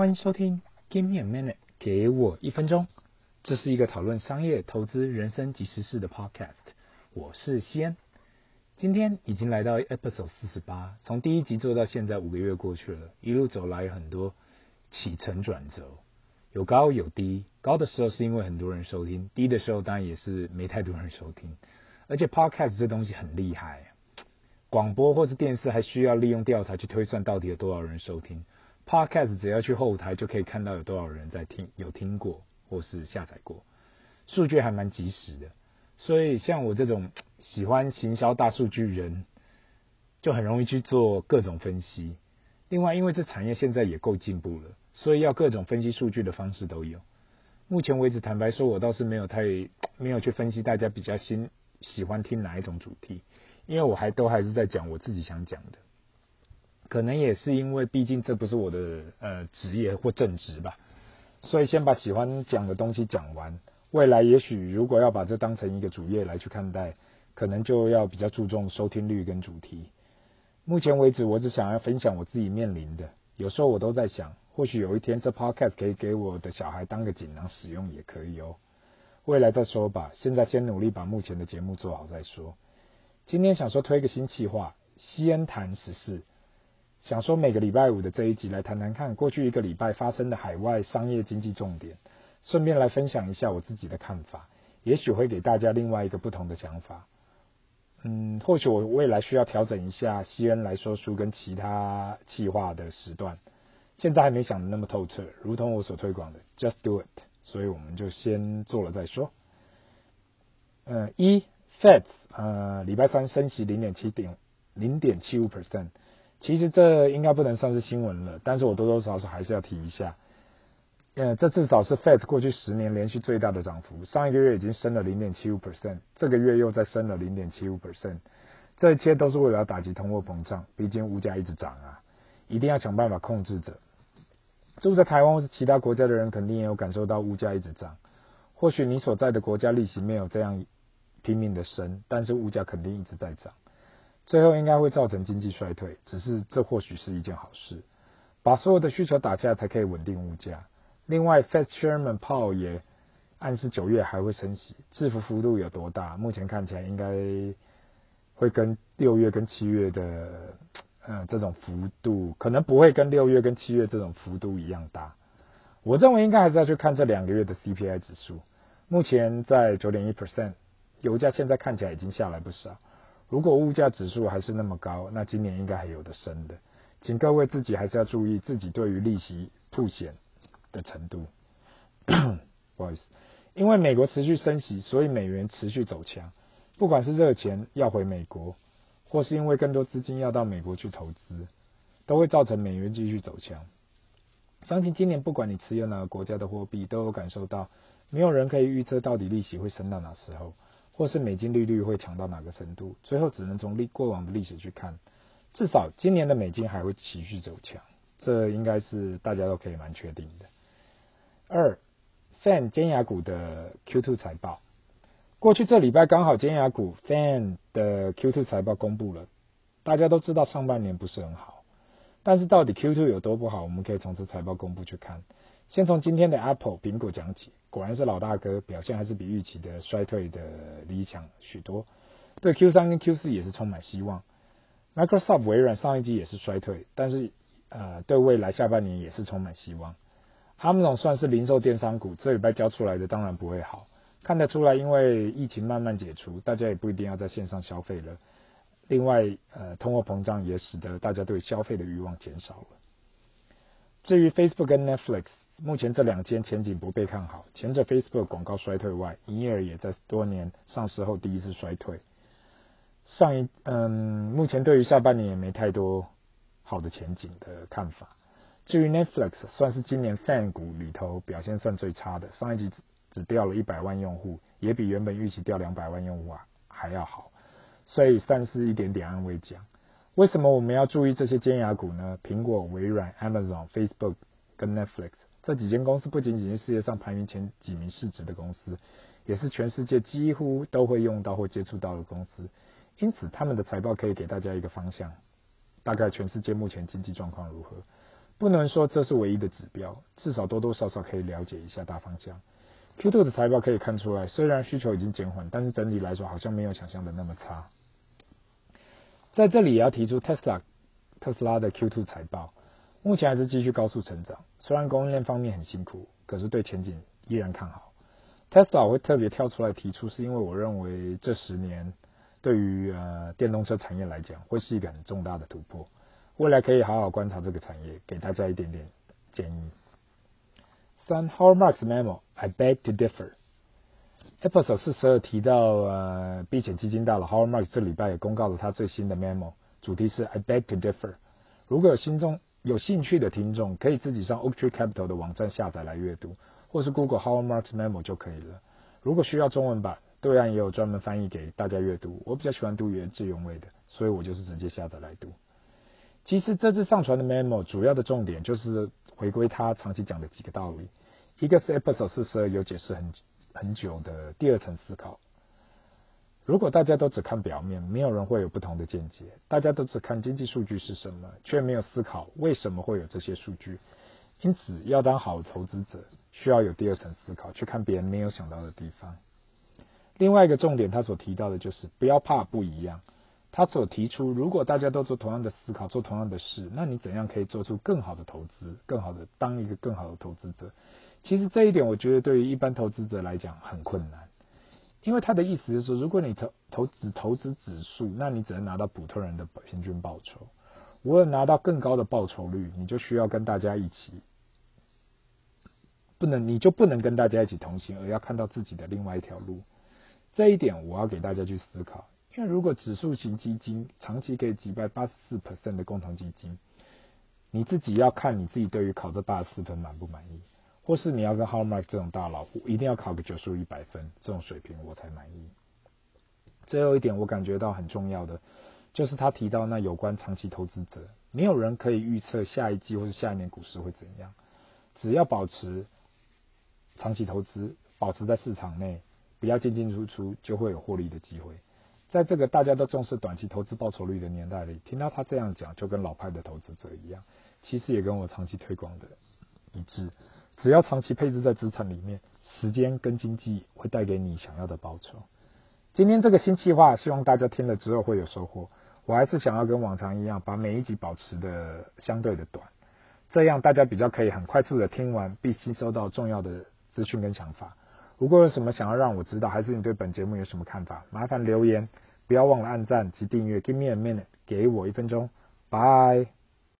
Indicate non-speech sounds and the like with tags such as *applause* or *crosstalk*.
歡迎收聽《Give Me a Minute》，給我一分鐘。這是一個討論商業、投資、人生及時事的 Podcast。我是西恩。今天已經來到 Episode 四十八，從第一集做到現在五個月過去了，一路走來很多起承轉折，有高有低。高的時候是因為很多人收聽，低的時候當然也是沒太多人收聽。而且 Podcast 這東西很厲害，廣播或是電視還需要利用調查去推算到底有多少人收聽。Podcast 只要去後台就可以看到有多少人在聽，有聽過或是下載過，數據還蠻及時的。所以像我這種喜歡行銷大數據人，就很容易去做各種分析。另外，因為這產業現在也夠進步了，所以要各種分析數據的方式都有。目前為止，坦白說，我倒是沒有太沒有去分析大家比較新喜歡聽哪一種主題，因為我還都還是在講我自己想講的。可能也是因為，畢竟這不是我的呃職業或正職吧，所以先把喜歡講的東西講完。未來也許如果要把這當成一個主業來去看待，可能就要比較注重收聽率跟主題。目前為止，我只想要分享我自己面臨的。有時候我都在想，或許有一天這 podcast 可以給我的小孩當個錦囊使用，也可以哦、喔。未來再說吧，現在先努力把目前的節目做好再說。今天想說推個新企劃，西恩談時事。想說每個禮拜五的這一集來談談看過去一個禮拜發生的海外商業經濟重點，順便來分享一下我自己的看法，也許會給大家另外一個不同的想法。嗯，或許我未來需要調整一下西恩來說書跟其他企劃的時段，現在還沒想得那麼透徹。如同我所推廣的，Just Do It，所以我們就先做了再說。呃，一 Feds 呃禮拜三升息零點七點零點七五 percent。其實這應該不能算是新聞了，但是我多多少少還是要提一下。呃，這至少是 Fed 過去十年連續最大的漲幅，上一個月已經升了0.75%，這個月又再升了0.75%，這一切都是為了打擊通貨膨脹，畢竟物價一直漲啊，一定要想辦法控制着。住在台灣或是其他國家的人肯定也有感受到物價一直漲，或許你所在的國家利息沒有這樣拼命的升，但是物價肯定一直在漲。最後應該會造成經濟衰退，只是這或許是一件好事，把所有的需求打下來才可以穩定物價。另外，Fed Chairman Powell 也暗示九月還會升息，漲幅幅度有多大？目前看起來應該會跟六月跟七月的嗯、呃、這種幅度，可能不會跟六月跟七月這種幅度一樣大。我認為應該還是要去看這兩個月的 CPI 指數，目前在九點一 percent，油價現在看起來已經下來不少。如果物價指數還是那麼高，那今年應該還有的升的。請各位自己還是要注意自己對於利息曝險的程度。 *coughs* 不好意思，因為美國持續升息，所以美元持續走強。不管是熱錢要回美國，或是因為更多資金要到美國去投資，都會造成美元繼續走強。相信今年不管你持有哪個國家的貨幣，都有感受到，沒有人可以預測到底利息會升到哪時候。或是美金利率會強到哪個程度？最後只能從歷過往的歷史去看。至少今年的美金還會持續走強，這應該是大家都可以蠻確定的。二，Fan 尖牙股的 Q2 財報，過去這禮拜剛好尖牙股 Fan 的 Q2 財報公布了，大家都知道上半年不是很好。但是到底 Q2 有多不好？我們可以從這財報公布去看。先從今天的 Apple 蘋果講起，果然是老大哥，表現還是比預期的衰退的理想許多。對 Q3 跟 Q4 也是充滿希望。Microsoft 微軟上一季也是衰退，但是呃對未來下半年也是充滿希望。Amazon 算是零售電商股，這禮拜交出來的當然不會好，看得出來因為疫情慢慢解除，大家也不一定要在線上消費了。另外，呃，通貨膨脹也使得大家對消費的慾望減少了。至於 Facebook 跟 Netflix，目前這兩間前景不被看好。前者 Facebook 廣告衰退外，營業額也在多年上市後第一次衰退。上一嗯，目前對於下半年也沒太多好的前景的看法。至於 Netflix，算是今年 FAN 股裡頭表現算最差的。上一季只，只掉了一百萬用戶，也比原本預期掉兩百萬用戶啊還要好。所以算是一點點安慰獎。為什麼我們要注意這些尖牙股呢？蘋果、微軟、Amazon、Facebook 跟 Netflix 這幾間公司不僅僅是世界上排名前幾名市值的公司，也是全世界幾乎都會用到或接觸到的公司。因此，他們的財報可以給大家一個方向，大概全世界目前經濟狀況如何。不能說這是唯一的指標，至少多多少少可以了解一下大方向。Q2 的財報可以看出來，雖然需求已經減緩，但是整體來說好像沒有想象的那麼差。在這裡也要提出特斯拉，特斯拉的 Q2 財報，目前還是繼續高速成長，雖然供應鏈方面很辛苦，可是對前景依然看好。Tesla 會特別挑出來提出，是因為我認為這十年對於呃電動車產業來講，會是一個很重大的突破。未來可以好好觀察這個產業，給大家一點點建議。三，Hallmarks Memo，I beg to differ。Episode 42提到呃，避險基金大佬，Howard Marks 這禮拜也公告了他最新的 memo，主題是 I beg to differ。如果有心中有興趣的聽眾，可以自己上 Oaktree Capital 的網站下載來閱讀，或是 Google Howard Marks memo 就可以了。如果需要中文版，對岸也有專門翻譯給大家閱讀。我比較喜歡讀原汁原味的，所以我就是直接下載來讀。其實這次上傳的 memo 主要的重點就是回歸他長期講的幾個道理，一個是 Episode 42有解釋很。很久的第二層思考。如果大家都只看表面，沒有人會有不同的見解。大家都只看經濟數據是什麼，卻沒有思考為什麼會有這些數據。因此，要當好投資者，需要有第二層思考，去看別人沒有想到的地方。另外一個重點，他所提到的就是不要怕不一樣。他所提出，如果大家都做同樣的思考，做同樣的事，那你怎樣可以做出更好的投資，更好的當一個更好的投資者？其實這一點，我覺得對於一般投資者來講很困難，因為他的意思是說，如果你投投資投資指數，那你只能拿到普通人的平均報酬。我要拿到更高的報酬率，你就需要跟大家一起，不能你就不能跟大家一起同行，而要看到自己的另外一條路。這一點，我要給大家去思考。因為如果指數型基金長期可以擊敗八十四%的共同基金，你自己要看你自己對於考這八十四分滿不滿意，或是你要跟 Hallmark 這種大佬一定要考個九十五、一百分這種水平我才滿意。最後一點我感覺到很重要的，就是他提到那有關長期投資者，沒有人可以預測下一季或是下一年股市會怎樣，只要保持長期投資，保持在市場內，不要進進出出，就會有獲利的機會。在這個大家都重視短期投資報酬率的年代裡，聽到他這樣講，就跟老派的投資者一樣，其實也跟我長期推廣的一致。只要長期配置在資產裡面，時間跟經濟會帶給你想要的報酬。今天這個新計劃，希望大家聽了之後會有收穫。我還是想要跟往常一樣，把每一集保持的相對的短，這樣大家比較可以很快速的聽完，並吸收到重要的資訊跟想法。如果有什麼想要讓我知道，還是你對本節目有什麼看法，麻煩留言，不要忘了按讚及訂閱。Give me a minute，給我一分鐘。Bye。